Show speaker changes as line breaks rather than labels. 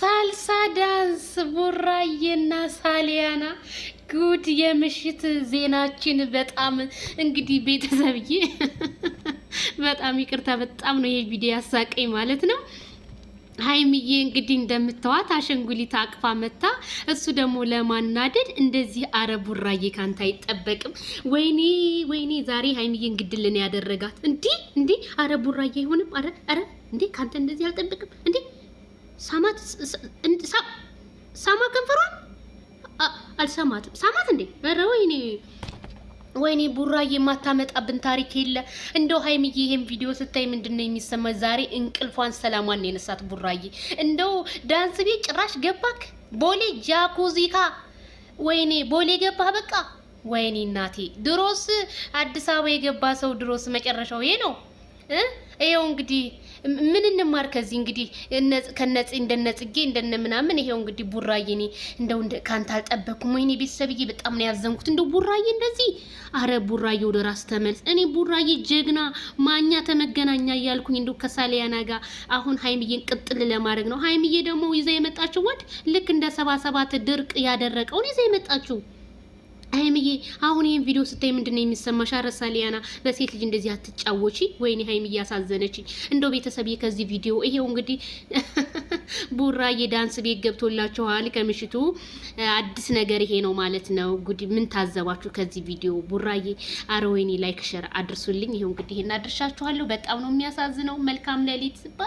ሳልሳ ዳንስ ቡራዬና ሳሊያና ጉድ የምሽት ዜናችን። በጣም እንግዲህ ቤተሰብዬ በጣም ይቅርታ፣ በጣም ነው ይሄ ቪዲዮ ያሳቀኝ ማለት ነው። ሀይሚዬ እንግዲህ እንደምታዋት አሸንጉሊት አቅፋ መታ። እሱ ደግሞ ለማናደድ እንደዚህ አረ ቡራዬ ካንተ አይጠበቅም። ወይኔ ወይኔ፣ ዛሬ ሀይሚዬን እንግድልን ያደረጋት እንዲህ እንዲህ። አረ ቡራዬ አይሆንም። አረ አረ፣ እንዴ ካንተ እንደዚህ አልጠብቅም እንዴ ሳማት ሳማ ከንፈሯን አልሰማትም። ሳማት እንዴ! ኧረ ወይኔ ወይኔ ቡራዬ የማታመጣብን ታሪክ የለ። እንደው ሀይምዬ ይሄን ቪዲዮ ስታይ ምንድነው የሚሰማ? ዛሬ እንቅልፏን ሰላሟን የነሳት ቡራዬ። እንደው ዳንስ ቤት ጭራሽ ገባክ? ቦሌ ጃኩዚካ ወይኔ ቦሌ ገባህ በቃ። ወይኔ እናቴ ድሮስ አዲስ አበባ የገባ ሰው ድሮስ መጨረሻው ይሄ ነው። ይኸው እንግዲህ ምን እንማር ከዚህ እንግዲህ ከነጽ እንደነጽጌ ምናምን ይሄው እንግዲህ ቡራዬ እኔ እንደው ከአንተ አልጠበኩም። ወይኔ ቤተሰብዬ በጣም ነው ያዘንኩት። እንደው ቡራዬ እንደዚህ አረ ቡራዬ ወደ ራስ ተመልስ። እኔ ቡራዬ ጀግና ማኛ ተመገናኛ እያልኩኝ እንደው ከሳሊያና ጋር አሁን ሀይምዬን ቅጥል ለማድረግ ነው። ሀይምዬ ደግሞ ይዛ የመጣችው ወንድ ልክ እንደ ሰባ ሰባት ድርቅ ያደረቀውን ይዛ የመጣችው ሀይምዬ አሁን ይህን ቪዲዮ ስታይ ምንድን ነው የሚሰማሽ? አረሳ ሊያና በሴት ልጅ እንደዚህ አትጫወቺ። ወይኔ ሀይምዬ አሳዘነች። እንደው ቤተሰብዬ ከዚህ ቪዲዮ ይሄው እንግዲህ ቡራዬ ዳንስ ቤት ገብቶላችኋል። ከምሽቱ አዲስ ነገር ይሄ ነው ማለት ነው። ጉድ ምን ታዘባችሁ ከዚህ ቪዲዮ? ቡራዬ አረ ወይኔ ላይክ ሸር አድርሱልኝ። ይሄው እንግዲህ ይሄን አድርሻችኋለሁ። በጣም ነው የሚያሳዝነው። መልካም ሌሊት ባይ